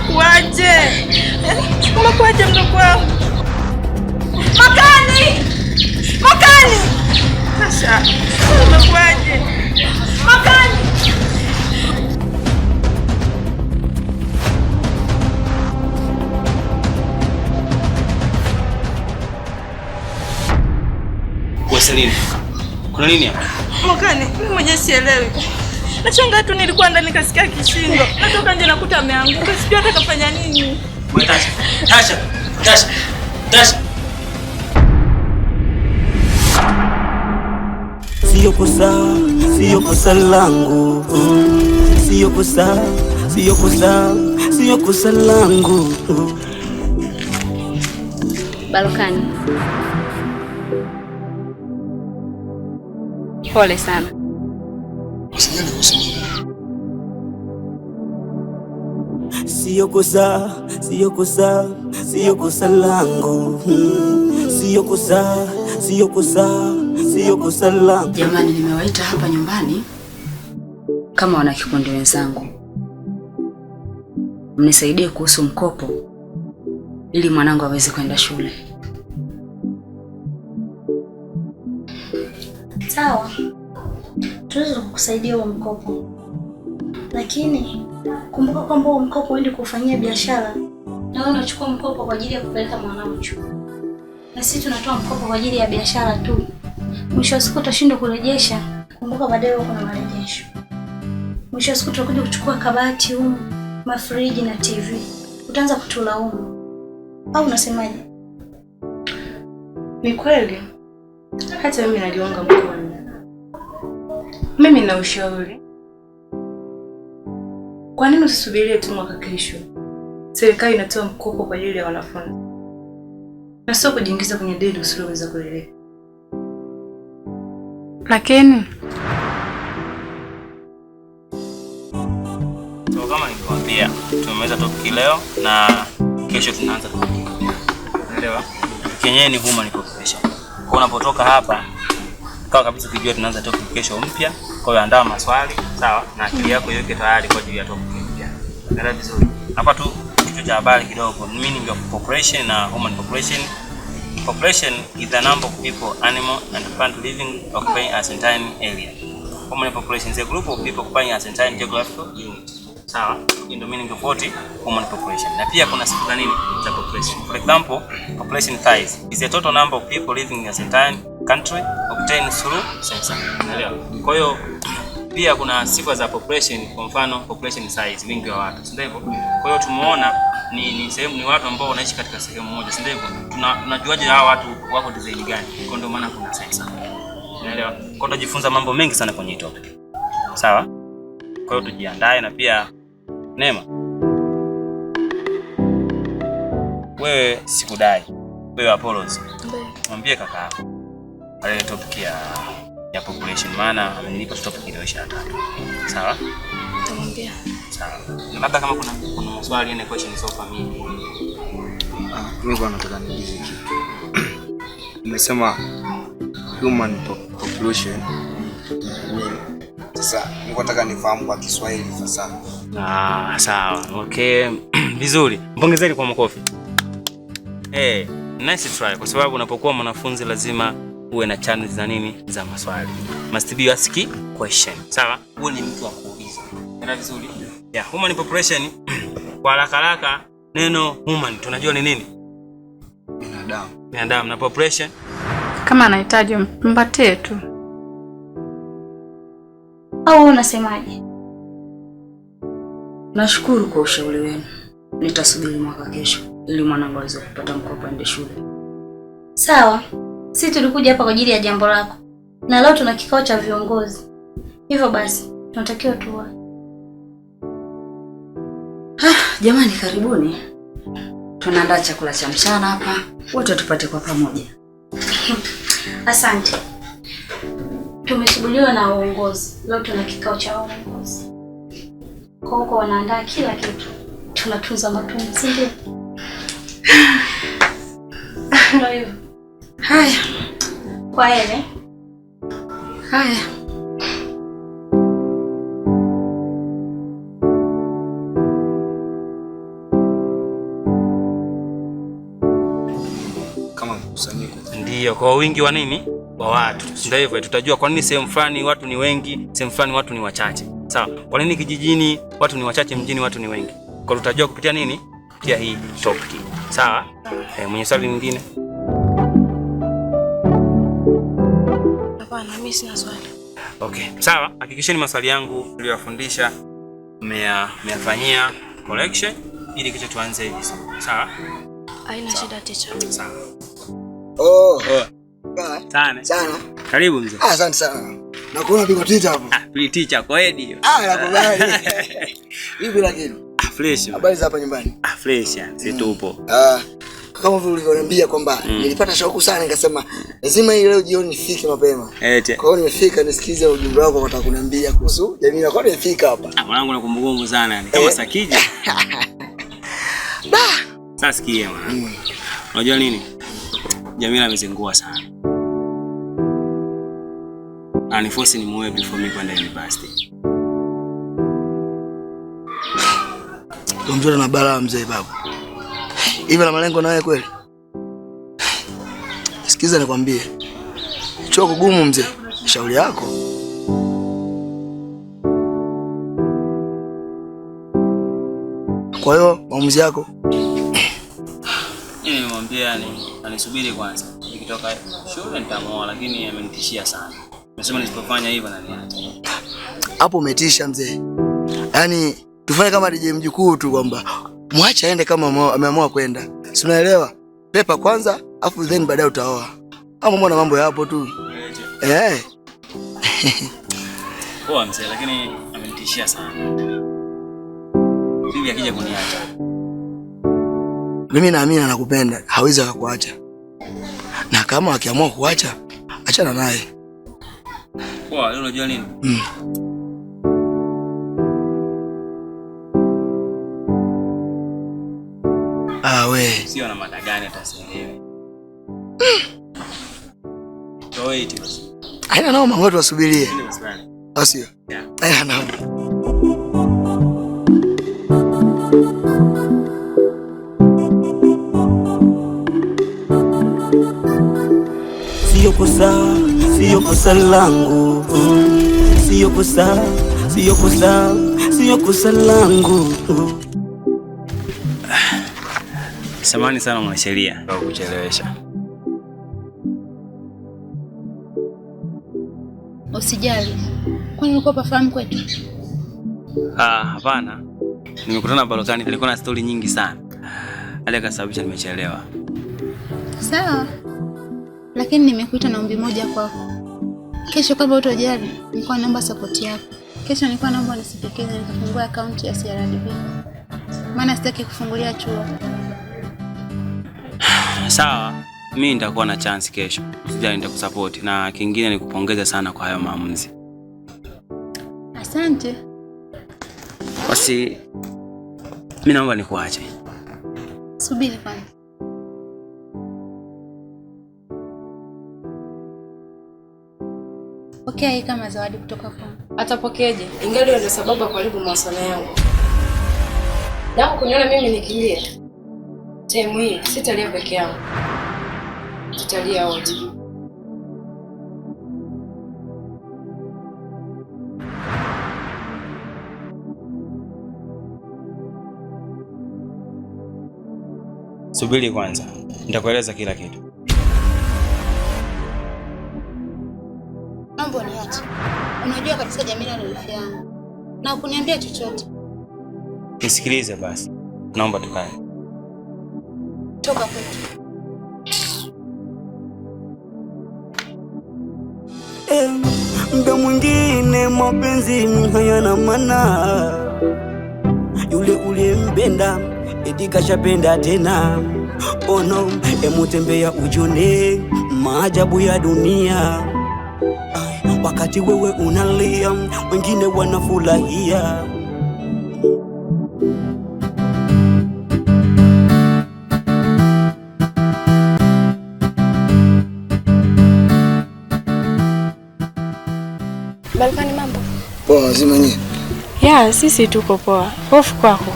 Umekuaje? Umekuaje eh, mdogo wangu? Makani! Makani! Sasa umekuaje? Makani! Weselini, kuna nini hapa? Makani, mimi mwenyewe sielewi. Nachanga tu nilikuwa ndani kasikia kishindo. Natoka nje nakuta ameanguka. Sijui hata kafanya nini. Tasha. Tasha. Tasha. Tasha. Sio kosa, sio kosa langu. Sio kosa, sio kosa, sio kosa langu. Balkani. Pole sana. Usijali Siyo kosa, siyo kosa, siyo kosa langu. Siyo kosa, siyo kosa, siyo kosa langu. Jamani, nimewaita hapa nyumbani kama wanakikundi wenzangu, mnisaidie kuhusu mkopo ili mwanangu aweze kwenda shule. Sawa tuweze kukusaidia huo mkopo, lakini kumbuka kwamba huo mkopo uende kufanyia biashara, na wewe unachukua mkopo kwa ajili ya kupeleka mwanao chuo, na sisi tunatoa mkopo kwa ajili ya biashara tu. Mwisho wa siku utashindwa kurejesha, kumbuka baadaye huko kuna marejesho. Mwisho wa siku tutakuja kuchukua kabati huu mafriji na TV, utaanza kutulaumu, au unasemaje? Ni kweli, hata mimi naliunga mkono mimi na ushauri, kwa nini usisubirie tu mwaka kesho? Serikali inatoa mkopo kwa ajili ya wanafunzi na sio kujiingiza kwenye deni usiloweza kulilipa. Lakini so, kama nilivyowaambia, tumemaliza topic leo na kesho tunaanza topic. Unaelewa? Kenyewe ni huma population. Kwa unapotoka hapa, kaa kabisa ukijua tunaanza topic kesho mpya. Kwa hiyo andaa maswali sawa, na akili mm. yako iweke tayari kwa ajili ya topic mpya. Ndio vizuri. Hapa tu kitu cha habari kidogo, meaning of population na human population. Population is the number of people, animal and plant living occupying a certain area. Human population is a group of people occupying a certain geographical unit. Sawa, ndio meaning of what human population. Na pia kuna sifa nini za population. For example, population size is the total number of people living in a certain country obtain through sensor. Unaelewa? Kwa hiyo pia kuna sifa za population, kwa mfano population size, wingi wa watu, si ndivyo? Kwa hiyo tumeona ni ni sehemu ni watu ambao wanaishi katika sehemu moja, si ndivyo? Tunajuaje hawa watu wako design gani? Kwa ndio maana kuna sensor. Unaelewa? Kwa tutajifunza mambo mengi sana kwenye topic. Sawa? Kwa hiyo tujiandae na pia Neema, wewe sikudai, wewe Apollos, mwambie kaka yako wale topic ya ya population, maana amenipa topic ile 23. Sawa? Tumwambia. Sawa. Labda kama kuna kuna maswali na question so far mimi. Ah, wewe kwa nataka niulize kitu. Nimesema human population. Sasa niko nataka nifahamu kwa Kiswahili sasa. Ah, sawa. Okay. Vizuri. Mpongezeni kwa makofi. Eh, hey, nice try kwa sababu unapokuwa mwanafunzi lazima uwe na channel za nini za maswali. Must be asking question. Sawa? Uwe ni mtu wa kuuliza. Ndio vizuri? Yeah, human population kwa haraka haraka neno human tunajua ni nini? Binadamu. Binadamu na population kama anahitaji mpatie tu. Au unasemaje? Nashukuru kwa ushauri wenu. Nitasubiri mwaka kesho ili mwanangu aweze kupata mkopo aende shule. Sawa. Sisi tulikuja hapa kwa ajili ya jambo lako, na leo tuna kikao cha viongozi, hivyo basi tunatakiwa tuwa. Ah, jamani, karibuni. Tunaandaa chakula cha mchana hapa, wote tupate kwa pamoja. Asante. tumesubuliwa na uongozi, leo tuna kikao cha uongozi, kwa huko wanaandaa kila kitu, tunatunza matunzi, ndio Haya, kwa heri. Haya. Ndiyo, kwa wingi wa nini wa watu, ndio hivyo tutajua kwa nini sehemu fulani watu ni wengi, sehemu fulani watu ni wachache. Sawa, kwa nini kijijini watu ni wachache, mjini watu ni wengi? Kwa tutajua kupitia nini? Kupitia hii topic. Sawa. Eh, mwenye swali lingine mimi sina swali. Okay, sawa. Hakikisheni maswali yangu niliyowafundisha mmeyafanyia collection ili kisha tuanze hizo. Sawa? Haina shida teacher. Sawa. Oh. Oh. Sana. Sana. Karibu mzee. Ah, Asante sana. Nakuona piko teacher hapo. Ah, pili teacher kwa Edi. Ah, nakubali. Hivi lakini. Ah, Fresh. Habari za hapa nyumbani? Ah, fresh. Sisi mm. tupo. Ah kama vile ulivyoniambia kwamba mm. nilipata shauku sana nikasema lazima hii leo jioni nifike mapema. Eti. kwa hiyo nimefika nisikize ujumbe wako unataka kuniambia kuhusu jamii na kwa nini nifika hapa. Ah, mwanangu nakumbukumbu sana yani kama eh. Sakija. Ba. Sasa sikia mwanangu. Mm. Unajua nini? Jamila amezingua sana. Aniforce ni muwe before me kwenda university. Kumjua na balaa mzee babu hivyo na malengo nawe kweli? Sikiza nikwambie, chuo kugumu mzee, shauri yako. Kwa hiyo maamuzi yako nimwambia anisubiri kwanza, nikitoka shule nitamuoa, lakini amenitishia sana, amesema nisipofanya hivyo ananiacha. Hapo umetisha mzee, yani tufanye kama DJ mjukuu tu kwamba mwache aende kama ameamua kwenda, si unaelewa? Pepa kwanza, afu then baadaye utaoa. Ama mbona mambo ya hapo tu eh? eh. Poa mzee, lakini amenitishia sana. Bibi akija kuniacha mimi, naamini anakupenda, hawezi akakuacha, na kama akiamua kuacha achana naye. Poa, leo unajua nini? Mm. we. Sio na mada gani ataselewe. Haina noma, watu wasubirie. Au sio? Haina noma. Sio kosa, sio kosa langu. Sio kosa, sio kosa, sio kosa langu. Samahani sana mwanasheria kwa kuchelewesha. Usijali. Kwani ulikuwa pafahamu kwetu? Ah, hapana. Nimekutana balokani, nilikuwa na stori nyingi sana. Hali akasababisha nimechelewa. Sawa, lakini nimekuita na ombi moja kwako. Kesho kabla utojali, nilikuwa naomba support yako. Kesho nilikuwa naomba nisindikize nikafungua akaunti ya CRDB, maana sitaki kufungulia chuo sawa, mi nitakuwa na chance kesho, usijali, nitakusupport na kingine ni kupongeza sana kwa hayo maamuzi. Asante. Basi mi naomba nikuache. Subiri kwanza. Pokea hii kama zawadi kutoka kwa. Atapokeaje? Ingali ndio sababu ya kuharibu mawasiliano yangu. Ndio kuniona mimi nikilia. Sehemu hii sitalia peke yangu, tutalia wote. Subiri kwanza, nitakueleza kila kitu. Mambo ni yapi? Unajua katika Jamila na rafiki yangu na ukuniambia chochote. Nisikilize basi, naomba tukae. Toka kwetu. Eh, mda mwingine mapenzi hayana maana, yule uliyempenda eti kashapenda tena. ono oh no, emutembea ujone maajabu ya dunia. Ay, wakati wewe unalia wengine wanafurahia Balkani, mambo poa? Wazima nyie? Ya, sisi tuko poa. Hofu kwako?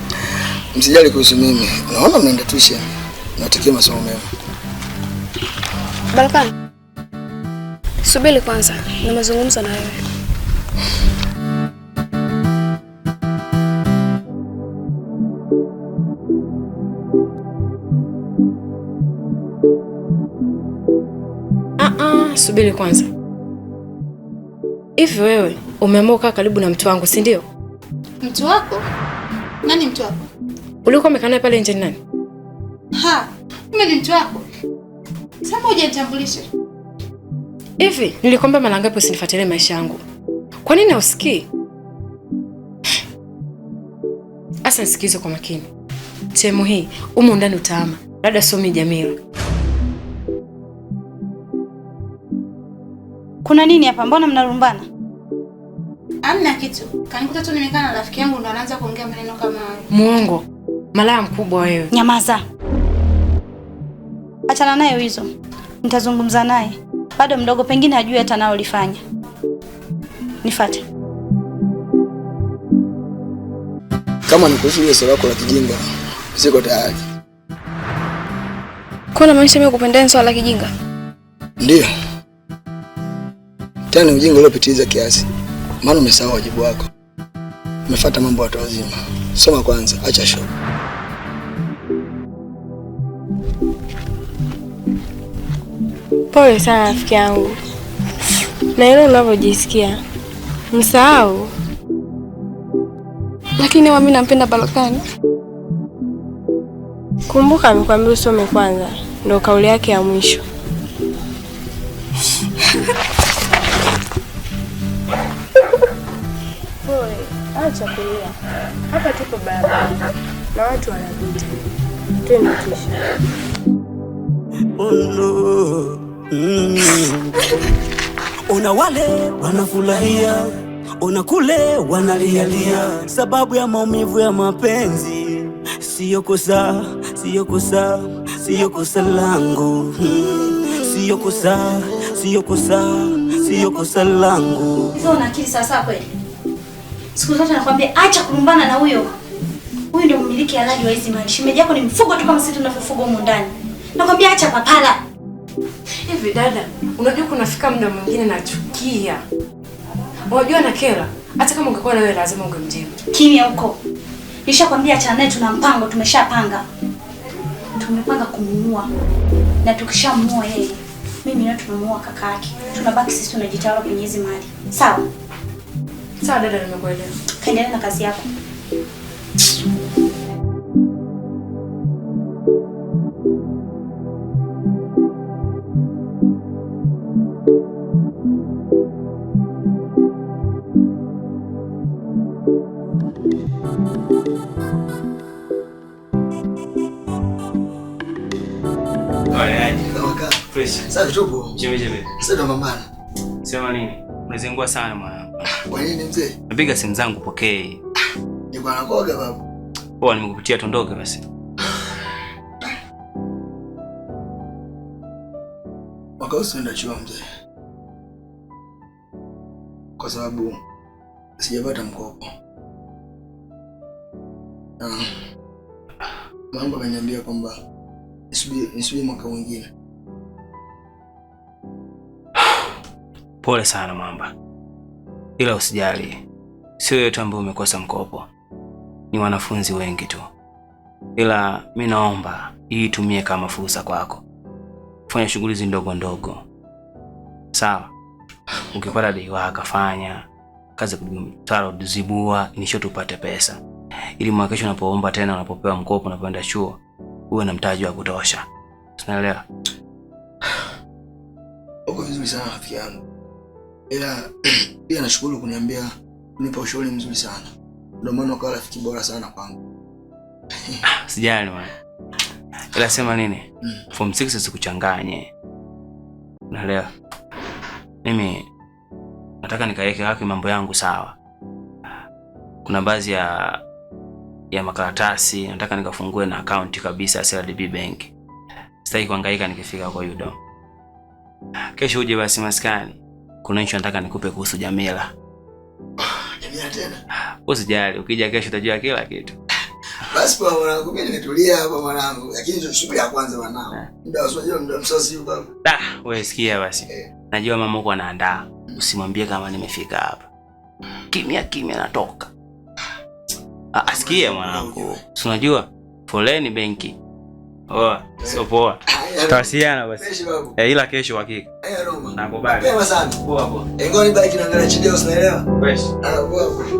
Msijali kuhusu mimi, naona mnaenda tuisha. Natakia masomo mema. Balkani, subiri kwanza, na mazungumzo na wewe. Ah, ah, subiri kwanza Hivi wewe umeamua kukaa karibu na mtu wangu, si ndio? Mtu wako? Nani mtu wako? Ulikuwa umekaa naye pale nje ni nani? Ha, mimi ni mtu wako. Sasa hujanitambulisha. Hivi nilikwambia mara ngapi usinifuatilie maisha yangu? Kwa nini hausikii? Asa nisikilize kwa makini. Sehemu hii umu ndani utaama. Labda somi Jamila. Kuna nini hapa? Mbona mnarumbana? Amna kitu. Kanikuta tu nimekaa na rafiki yangu ndo anaanza kuongea maneno kama hayo. Muongo. Malaya mkubwa wewe. Nyamaza. Achana nayo hizo. Nitazungumza naye. Bado mdogo, pengine hajui hata nao lifanya. Nifate. Kama ni kuhusu hiyo swala la kijinga, siko tayari. Kuna maisha mimi kupendea swala la kijinga? Ndio. Tena ni ujinga uliopitiliza kiasi, maana umesahau wajibu wako, umefuata mambo watu wazima. Soma kwanza, acha show. Pole sana rafiki yangu, na hilo unavyojisikia msahau, lakini mimi nampenda Balokani. Kumbuka amekwambia usome kwanza, ndo kauli yake ya mwisho. au cha kulia. Hapa tupo barabarani na watu wanapita, twende kisha. Oh Una mm. wale wanafurahia, una kule wanalialia, sababu ya maumivu ya mapenzi. Siyo kosa, siyo kosa, siyo kosa langu, mm. siyo kosa, siyo kosa, siyo kosa langu. Hizo unakiri sasa kweli? Siku zote nakwambia acha kulumbana na huyo. Huyu ndio mmiliki halali wa hizi mali. Shemeji yako ni mfugo tu kama sisi tunavyofuga huko ndani. Nakwambia acha papala. Hivi dada, unajua kunafika muda mwingine nachukia. Unajua na kera, hata kama ungekuwa na wewe lazima ungemjibu. Kimya huko. Nishakwambia acha naye, tuna mpango tumeshapanga. Tumepanga kumuua. Na tukishamuua yeye, mimi na tumemuua kaka yake. Tunabaki sisi tunajitawala kwenye hizi mali. Sawa? Sawa dada, nimekuelewa. Kaendelea na kazi yako. Sema nini? Unazingua sana mwanangu. Kwa nini mzee? Napiga simu zangu pokee. Niko nakoga babu. Poa, nimekupitia tondoke basi. Wakausienda chuo mzee, kwa sababu sijapata mkopo. Uh, mambo ameniambia kwamba nisubiri mwaka mwingine. Pole sana mwamba ila usijali, sio yote ambayo umekosa mkopo, ni wanafunzi wengi tu, ila mi naomba hii itumie kama fursa kwako, fanya shughuli hizi ndogo ndogo, sawa? Ukipata dei wako fanya kazi kujitaro, zibua nisho tupate pesa, ili mwaka kesho unapoomba tena, unapopewa mkopo, unapoenda chuo uwe na mtaji wa kutosha. Unaelewa? Uko vizuri sana rafiki yangu ila pia nashukuru kuniambia, nipa ushauri mzuri sana, ndio maana ukawa rafiki bora sana kwangu. Ah, sijali bwana, ila sema nini, mm. form 6 sikuchanganye, unaelewa? Mimi nataka nikaweke wapi mambo yangu sawa. Kuna baadhi ya ya makaratasi nataka nikafungue na akaunti kabisa CRDB Bank. Sitaki kuhangaika nikifika kwa Yudo. Kesho uje basi maskani kuna hicho nataka nikupe kuhusu Jamila. Jamila tena? Usijali, ukija kesho utajua kila kitu. Basi kwa mwanangu mimi nimetulia hapa mwanangu, lakini ndio shughuli ya kwanza mwanangu. Eh. Ndio usijua ndio msosi yuko hapa. Ah, wewe sikia basi. Eh. Najua mama uko anaandaa. Mm. Usimwambie kama nimefika hapa. Kimya kimya natoka. Ah, asikie ah, mwanangu. Si unajua foleni benki. Oh, sio poa tawasiliana basi. Eh, ila kesho hakika. Eh, Nakubali. Mapema sana. Poa poa. Ngoja baki naangalia Chideus, naelewa? Basi. Anakuwa. Ah,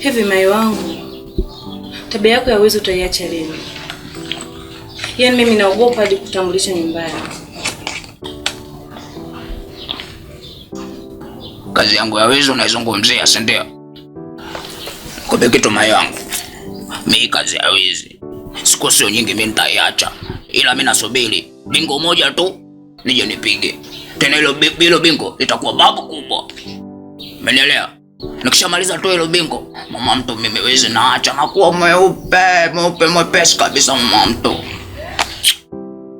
Hivi Mai wangu, tabia yako ya wizi utaiacha lini? Yaani mimi naogopa hadi kutambulisha nyumbani. Kazi yangu ya wizi unaizungumzia, si ndio? Kumbe kitu Mai wangu, mimi kazi ya wizi siku sio nyingi, mimi nitaiacha, ila mimi nasubiri bingo moja tu nije nipige tena. Hilo bingo litakuwa babu kubwa, umenielewa? Nikishamaliza tu hilo bingo, mama mtu mimi wezi naacha nakuwa mweupe mweupe mwepesi kabisa mama mtu.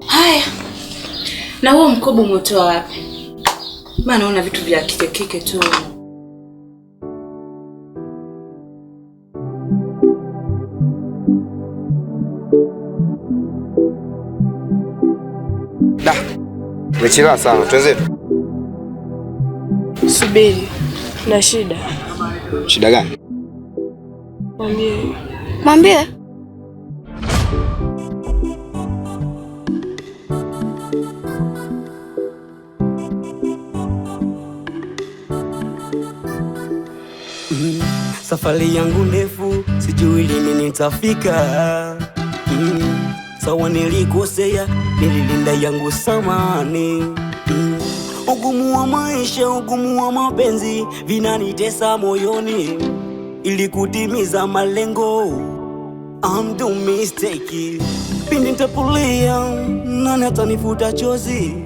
Haya, na huo mkoba umetoa wapi? Maana naona vitu vya kike kike tu. Da, umechelewa sana, tuenzetu. Subiri na shida. Shida gani? Mwambie. Mwambie. Mm-hmm. Safari yangu ndefu, sijui lini nitafika. Mm, sawa nilikosea, nililinda yangu samani ugumu wa maisha, ugumu wa mapenzi vinanitesa moyoni, ili kutimiza malengo I'm do mistake. Pindi nitapulia, nani atanifuta chozi?